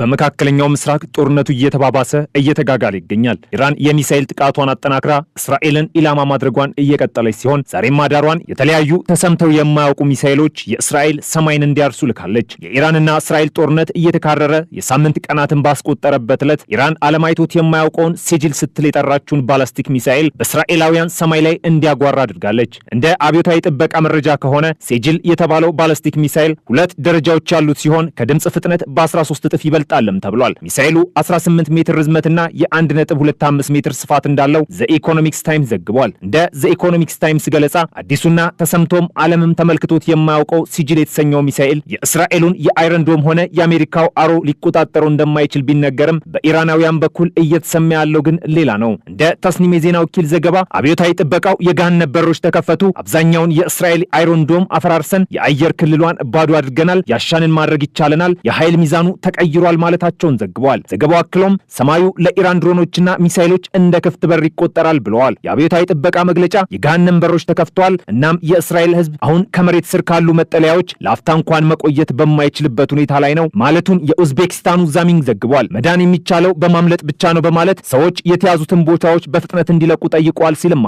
በመካከለኛው ምስራቅ ጦርነቱ እየተባባሰ እየተጋጋለ ይገኛል። ኢራን የሚሳኤል ጥቃቷን አጠናክራ እስራኤልን ኢላማ ማድረጓን እየቀጠለች ሲሆን ዛሬም ማዳሯን የተለያዩ ተሰምተው የማያውቁ ሚሳኤሎች የእስራኤል ሰማይን እንዲያርሱ ልካለች። የኢራንና እስራኤል ጦርነት እየተካረረ የሳምንት ቀናትን ባስቆጠረበት ዕለት ኢራን አለማይቶት የማያውቀውን ሴጅል ስትል የጠራችውን ባላስቲክ ሚሳኤል በእስራኤላውያን ሰማይ ላይ እንዲያጓራ አድርጋለች። እንደ አብዮታዊ ጥበቃ መረጃ ከሆነ ሴጅል የተባለው ባላስቲክ ሚሳኤል ሁለት ደረጃዎች ያሉት ሲሆን ከድምፅ ፍጥነት በ13 እጥፍ ይበልጥ ያመልጣልም ተብሏል። ሚሳኤሉ 18 ሜትር ርዝመትና የ1.25 ሜትር ስፋት እንዳለው ዘኢኮኖሚክስ ታይምስ ዘግቧል። እንደ ዘኢኮኖሚክስ ታይምስ ገለጻ አዲሱና ተሰምቶም ዓለምም ተመልክቶት የማያውቀው ሲጅል የተሰኘው ሚሳኤል የእስራኤሉን የአይረን ዶም ሆነ የአሜሪካው አሮ ሊቆጣጠረው እንደማይችል ቢነገርም በኢራናውያን በኩል እየተሰማ ያለው ግን ሌላ ነው። እንደ ተስኒም የዜና ወኪል ዘገባ አብዮታዊ ጥበቃው የገሃነም በሮች ተከፈቱ፣ አብዛኛውን የእስራኤል አይረን ዶም አፈራርሰን የአየር ክልሏን ባዶ አድርገናል፣ ያሻንን ማድረግ ይቻለናል፣ የኃይል ሚዛኑ ተቀይሯል ተደርጓል ማለታቸውን ዘግቧል። ዘገባው አክሎም ሰማዩ ለኢራን ድሮኖችና ሚሳይሎች እንደ ክፍት በር ይቆጠራል ብለዋል። የአብዮታዊ ጥበቃ መግለጫ የገሃነም በሮች ተከፍተዋል፣ እናም የእስራኤል ህዝብ አሁን ከመሬት ስር ካሉ መጠለያዎች ለአፍታ እንኳን መቆየት በማይችልበት ሁኔታ ላይ ነው ማለቱን የኡዝቤክስታኑ ዛሚንግ ዘግቧል። መዳን የሚቻለው በማምለጥ ብቻ ነው በማለት ሰዎች የተያዙትን ቦታዎች በፍጥነት እንዲለቁ ጠይቋል ሲልም